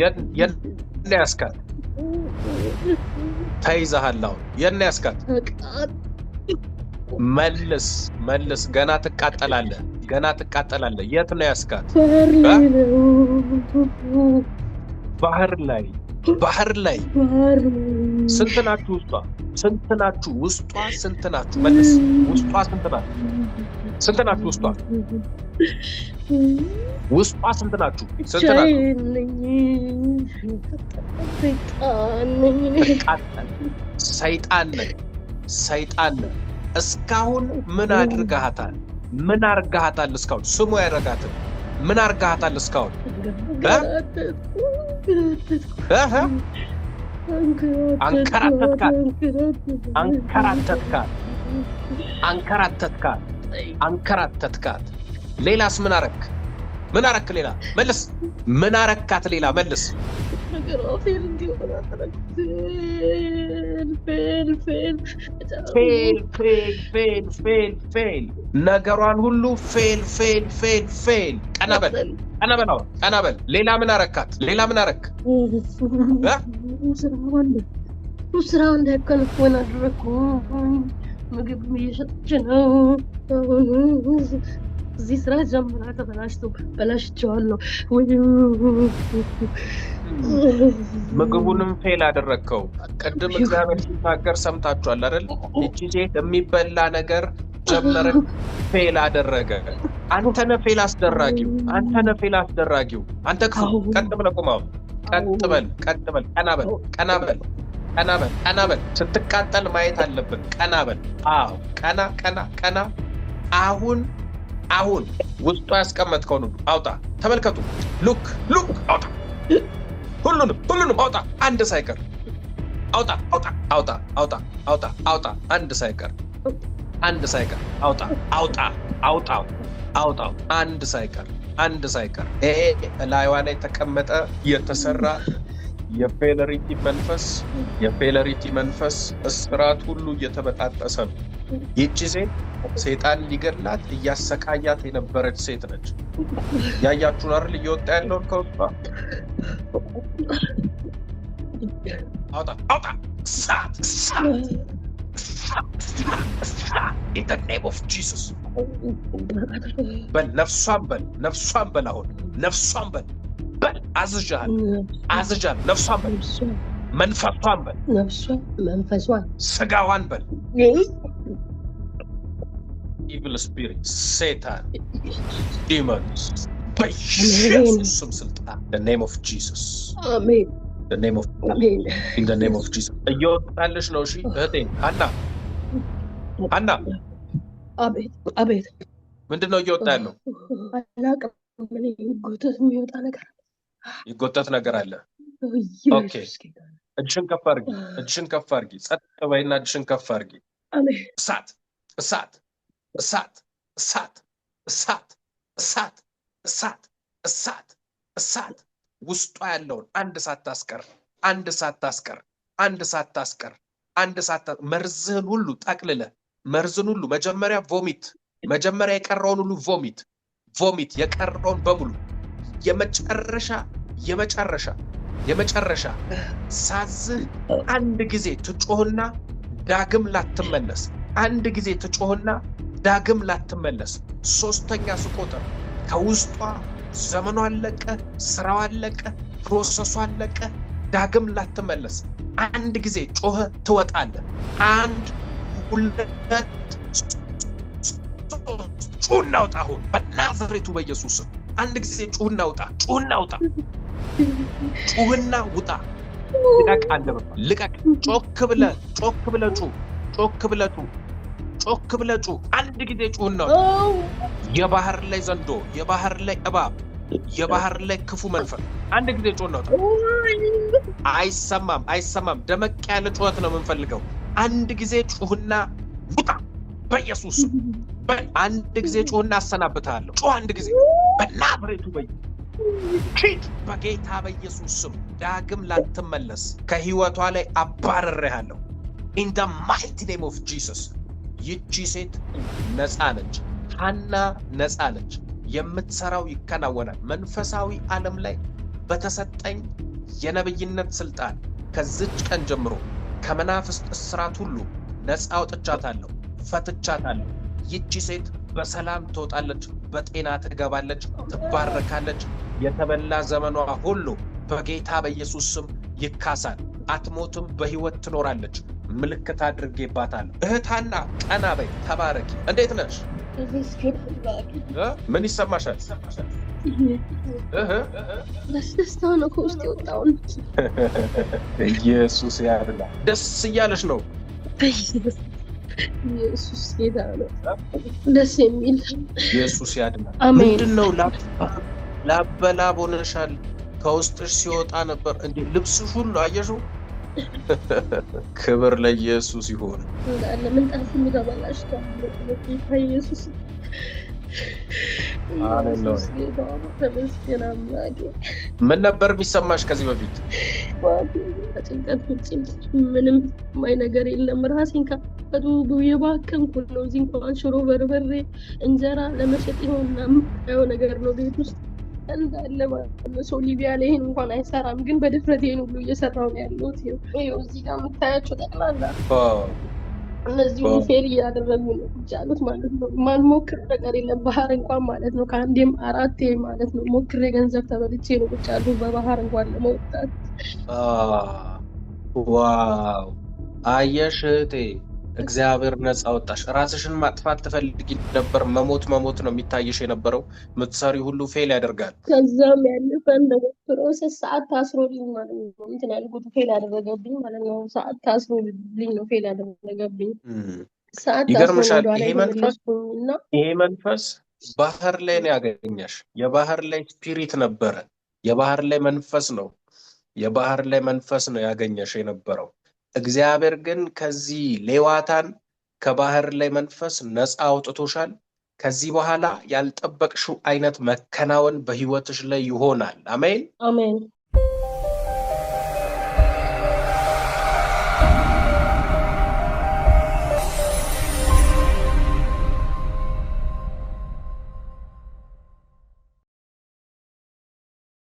የት ነው ያስካት? ተይዘሃል። አሁን የት ነው ያስካት? መልስ መልስ። ገና ትቃጠላለህ፣ ገና ትቃጠላለህ። የት ነው ያስካት? ባህር ላይ ባህር ላይ። ስንት ናችሁ ውስጧ? ስንት ናችሁ ውስጧ? ስንት ናችሁ? መልስ። ውስጧ ስንት ናችሁ? ስንት ናችሁ ውስጧ? ውስጧ ስንት ናችሁ? ሰይጣን ነህ፣ ሰይጣን ነህ። እስካሁን ምን አድርጋሃታል? ምን አርጋሃታል? እስካሁን ስሙ ያረጋትን ምን አርጋሃታል? እስካሁን አንከራተትካል፣ አንከራተትካል፣ አንከራተትካል፣ አንከራተትካት አንከራተትካት አንከራተትካት አንከራተትካል ሌላስ ምን አረክ? ምን አረክ? ሌላ መልስ። ምን አረካት? ሌላ መልስ። ነገሯን ሁሉ ፌል ፌል ፌል ፌል። ቀናበል ቀናበል ቀናበል። ሌላ ምን አረካት? ሌላ ምን አረክ? ስራው እንዳይከነፎን አደረግኩ። ምግብ እየሸጠች ነው እዚህ ስራ ጀምራ ተበላሽቶ በላሽቸዋለሁ። ምግቡንም ፌል አደረግከው። ቅድም እግዚአብሔር ሲናገር ሰምታችኋል አይደል? ይቺ ሴት የሚበላ ነገር ጀመረ፣ ፌል አደረገ። አንተነ ፌል አስደራጊው፣ አንተነ ፌል አስደራጊው። አንተ ቀጥ ብለህ ቁም። ቀጥ በል፣ ቀጥ በል፣ ቀና በል፣ ቀና በል ቀና በል ቀና በል። ስትቃጠል ማየት አለብን። ቀና በል። አዎ ቀና ቀና ቀና አሁን አሁን ውስጡ ያስቀመጥከውን ሁሉ አውጣ። ተመልከቱ፣ ሉክ ሉክ፣ አውጣ፣ ሁሉንም ሁሉንም አውጣ፣ አንድ ሳይቀር አውጣ፣ አውጣ፣ አውጣ፣ አውጣ፣ አውጣ፣ አውጣ፣ አንድ ሳይቀር አንድ ሳይቀር አውጣ፣ አውጣ፣ አውጣ፣ አውጣ፣ አንድ ሳይቀር አንድ ሳይቀር። ይሄ ላይዋ ላይ ተቀመጠ የተሰራ የፌለሪቲ መንፈስ የፌለሪቲ መንፈስ እስራት ሁሉ እየተበጣጠሰ ነው። ይቺ ሴት ሴጣን ሊገላት እያሰቃያት የነበረች ሴት ነች። ያያችሁ አይደል? እየወጣ ያለውን ከውጣ አውጣ አውጣ እሳት እሳት ነፍሷን በል ነፍሷን በል አሁን ነፍሷን በል በል አዝዣለሁ አዝዣለሁ ነፍሷን በል መንፈሷን በል ስጋዋን በል evil spirits, Satan, demons, by some the name of Jesus. Amen. The name of Amen. In the name of Jesus. Your Spanish no she oh. Anna. Anna. Abed. Abed. When oh, your time? You got that Nagarala. Oh, okay. A chinka fargi. A ah. chinka fargi. Sat away not chinka fargi. Sat. Sat. እሳት እሳት እሳት እሳት እሳት እሳት እሳት ውስጧ ያለውን አንድ ታስቀር አንድ ታስቀር አንድ ታስቀር አንድ እሳት መርዝህን ሁሉ ጠቅልለ መርዝን ሁሉ መጀመሪያ ቮሚት መጀመሪያ የቀረውን ሁሉ ቮሚት ቮሚት የቀረውን በሙሉ የመጨረሻ የመጨረሻ የመጨረሻ ሳዝህ አንድ ጊዜ ትጮህና ዳግም ላትመለስ አንድ ጊዜ ትጮህና ዳግም ላትመለስ ሶስተኛ ስቆጥር ከውስጧ ዘመኑ አለቀ፣ ስራው አለቀ፣ ፕሮሰሱ አለቀ። ዳግም ላትመለስ አንድ ጊዜ ጮኸ ትወጣለ። አንድ ሁለት ጩና ውጣ። አሁን በናዝሬቱ በኢየሱስ አንድ ጊዜ ጩህና ውጣ፣ ጩህና ውጣ፣ ጩህና ውጣ። ልቀቅ አለበ ልቀቅ። ጮክ ብለ ጮክ ብለ ጩ ጮክ ብለ ጩ ጮክ ብለህ ጩህ፣ አንድ ጊዜ ጩህና የባህር ላይ ዘንዶ፣ የባህር ላይ እባብ፣ የባህር ላይ ክፉ መንፈስ፣ አንድ ጊዜ ጩህና አይሰማም፣ አይሰማም። ደመቅ ያለ ጩኸት ነው የምንፈልገው። አንድ ጊዜ ጩህና ውጣ። በኢየሱስ አንድ ጊዜ ጩህና አሰናብትሃለሁ። ጩህ አንድ ጊዜ በናብሬቱ በይ ቺት በጌታ በኢየሱስ ስም ዳግም ላትመለስ ከህይወቷ ላይ አባረሬሃለሁ። ኢን ደ ማይቲ ኔም ኦፍ ጂሰስ ይቺ ሴት ነፃ ነች። ሐና ነፃ ነች። የምትሰራው ይከናወናል። መንፈሳዊ ዓለም ላይ በተሰጠኝ የነብይነት ስልጣን ከዚች ቀን ጀምሮ ከመናፍስት እስራት ሁሉ ነፃ አውጥቻታለሁ፣ ፈትቻታለሁ። ይቺ ሴት በሰላም ትወጣለች፣ በጤና ትገባለች፣ ትባረካለች። የተበላ ዘመኗ ሁሉ በጌታ በኢየሱስ ስም ይካሳል። አትሞትም፣ በህይወት ትኖራለች ምልክት አድርጌባታለሁ። እህታና ቀና በይ ተባረኪ። እንዴት ነሽ? ምን ይሰማሻል? ደስታ ነው ከውስጥ ኢየሱስ ያብላ። ደስ እያለሽ ነው? ኢየሱስ ጌታ ነው። ደስ የሚል ኢየሱስ ያድና። ምንድን ነው ላበላብ ሆነሻል። ከውስጥሽ ሲወጣ ነበር እንዴ? ልብስሽ ሁሉ አየሽው? ክብር ለኢየሱስ ይሁን። ምንጣፍ ኢየሱስ ምን ነበር የሚሰማሽ ከዚህ በፊት? ጭንቀት ውጭ ምንም ማይ ነገር የለም። ራሴን ከፈቱ የባከንኩ ነው። እዚህ እንኳን ሽሮ በርበሬ እንጀራ ለመሸጥ የሆና የምታየው ነገር ነው ቤት ውስጥ እንዳለ ማለት ነው። ሰው ሊቢያ ላይ ይሄን እንኳን አይሰራም፣ ግን በድፍረት ይሄን ሁሉ እየሰራው ነው ያለሁት። ይኸው እዚህ ጋር የምታያቸው ጠቅላላ እነዚህ ፌል እያደረጉ ነው ይቻሉት ማለት ነው። ማን ሞክር ነገር የለም ባህር እንኳን ማለት ነው። ከአንዴም አራቴ ማለት ነው ሞክሬ ገንዘብ ተበልቼ ነው ቁጭ ያሉ በባህር እንኳን ለመውጣት ዋው አየሽ እህቴ እግዚአብሔር ነፃ አወጣሽ። ራስሽን ማጥፋት ትፈልጊ ነበር። መሞት መሞት ነው የሚታይሽ የነበረው። ምትሰሪ ሁሉ ፌል ያደርጋል። ከዛም ያለፈን እንደገና ፕሮሰስ ሰዓት ታስሮልኝ ማለት ነው እንትን ያልኩት ፌል ያደረገብኝ ማለት ነው። ሰዓት ታስሮልኝ ነው ፌል ያደረገብኝ። ሰዓት ይገርምሻል። ይሄ መንፈስ ይሄ መንፈስ ባህር ላይ ነው ያገኛሽ። የባህር ላይ ስፒሪት ነበረ። የባህር ላይ መንፈስ ነው። የባህር ላይ መንፈስ ነው ያገኘሽ የነበረው እግዚአብሔር ግን ከዚህ ሌዋታን ከባህር ላይ መንፈስ ነፃ አውጥቶሻል። ከዚህ በኋላ ያልጠበቅሽው አይነት መከናወን በህይወትሽ ላይ ይሆናል። አሜን አሜን።